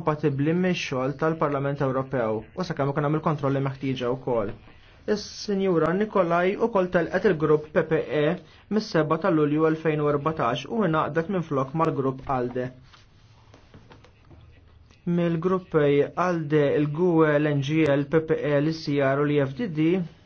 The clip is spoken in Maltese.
kompatibbli mix-xogħol tal-Parlament Ewropew u sakemm ikun hemm il-kontrolli meħtieġa wkoll. Is-Sinjura Nikolaj ukoll telqet il-grupp PPE mis seba ta' Lulju 2014 u ingħaqdet minflok mal-grupp ALDE. Mill-gruppej ALDE il-GUE, l-NGL, PPE, l-CR u e, l-FDD